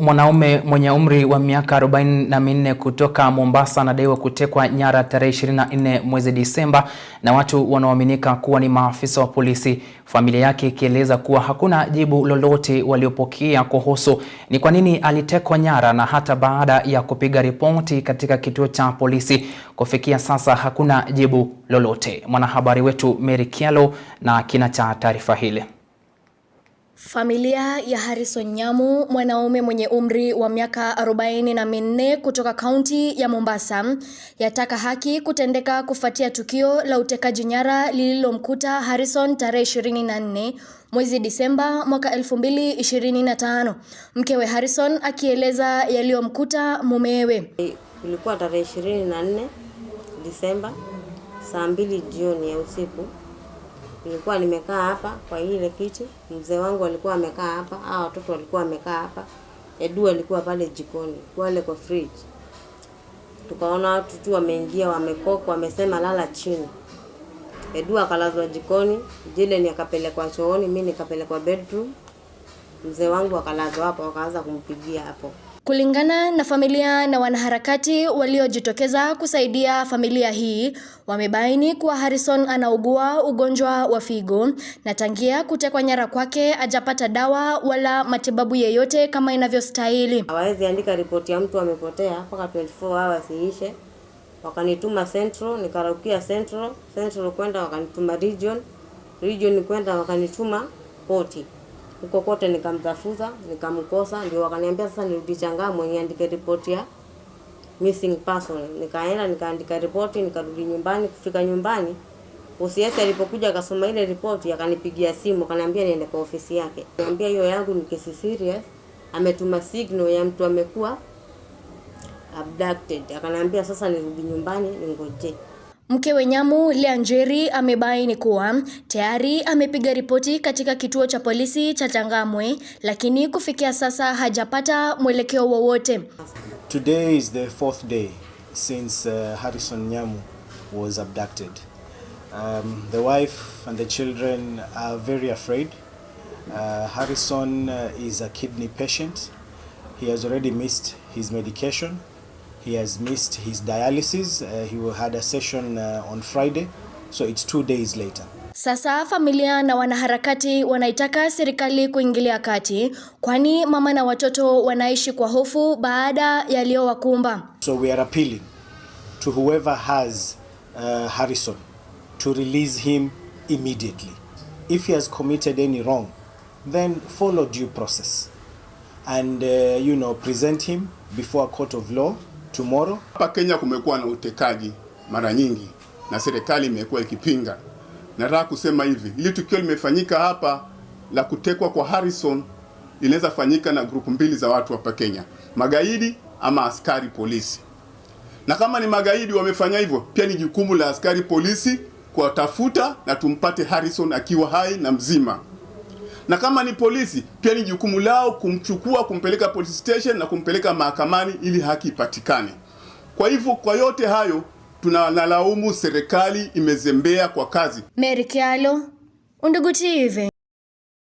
Mwanaume mwenye umri wa miaka 44 kutoka Mombasa anadaiwa kutekwa nyara tarehe 24 mwezi Disemba na watu wanaoaminika kuwa ni maafisa wa polisi, familia yake ikieleza kuwa hakuna jibu lolote waliopokea kuhusu ni kwa nini alitekwa nyara, na hata baada ya kupiga ripoti katika kituo cha polisi, kufikia sasa hakuna jibu lolote. Mwanahabari wetu Mary kialo na kina cha taarifa hile. Familia ya Harrison Nyamu, mwanaume mwenye umri wa miaka arobaini na minne kutoka kaunti ya Mombasa, yataka haki kutendeka kufuatia tukio la utekaji nyara lililomkuta Harrison tarehe 24 mwezi Disemba mwaka 2025. Mkewe Harrison akieleza yaliyomkuta mumewe. Ilikuwa tarehe 24 Disemba saa mbili jioni ya usiku nilikuwa nimekaa hapa kwa ile kiti, mzee wangu alikuwa amekaa hapa, hao watoto walikuwa wamekaa hapa, Edu alikuwa pale jikoni wale kwa fridge. Tukaona watu tu wameingia, wamekoka, wamesema lala chini. Edu akalazwa jikoni, Jileni akapelekwa chooni, mimi nikapelekwa bedroom, mzee wangu akalazwa hapo, wakaanza kumpigia hapo. Kulingana na familia na wanaharakati waliojitokeza kusaidia familia hii, wamebaini kuwa Harrison anaugua ugonjwa wa figo na tangia kutekwa nyara kwake ajapata dawa wala matibabu yeyote kama inavyostahili. Hawawezi andika ripoti ya mtu amepotea mpaka 24 hours iishe. Wakanituma Central, nikarukia Central, Central kwenda wakanituma region, region kwenda wakanituma poti huko kote nikamtafuta, nikamkosa, ndio wakaniambia sasa nirudi Changamwe niandike ripoti ya missing person. Nikaenda nikaandika ripoti, nikarudi nyumbani. Kufika nyumbani, OCS alipokuja akasoma ile ripoti, akanipigia simu, akaniambia niende kwa ofisi yake. Niambia hiyo yangu ni kesi serious, ametuma signal ya mtu amekuwa abducted. Akaniambia sasa nirudi nyumbani ningoje. Mkewe Nyamu Lianjeri amebaini kuwa tayari amepiga ripoti katika kituo cha polisi cha Changamwe lakini kufikia sasa hajapata mwelekeo wowote. Today is the fourth day since uh, Harrison Nyamu was abducted. Um, the wife and the children are very afraid. Uh, Harrison uh, is a kidney patient. He has already missed his medication he has missed his dialysis. Uh, he had a session uh, on Friday, so it's two days later. Sasa familia na wanaharakati wanaitaka serikali kuingilia kati, kwani mama na watoto wanaishi kwa hofu baada yaliyowakumba. So we are appealing to whoever has uh, Harrison to release him immediately. If he has committed any wrong, then follow due process and uh, you know present him before a court of law tomorrow. Hapa Kenya kumekuwa na utekaji mara nyingi na serikali imekuwa ikipinga. Nataka kusema hivi, hili tukio limefanyika hapa la kutekwa kwa Harrison linaweza fanyika na grupu mbili za watu hapa Kenya, magaidi ama askari polisi. Na kama ni magaidi wamefanya hivyo, pia ni jukumu la askari polisi kuwatafuta na tumpate Harrison akiwa hai na mzima na kama ni polisi pia ni jukumu lao kumchukua, kumpeleka police station na kumpeleka mahakamani ili haki ipatikane. Kwa hivyo, kwa yote hayo tunalaumu serikali imezembea kwa kazi. Mary Kyalo, Undugu TV.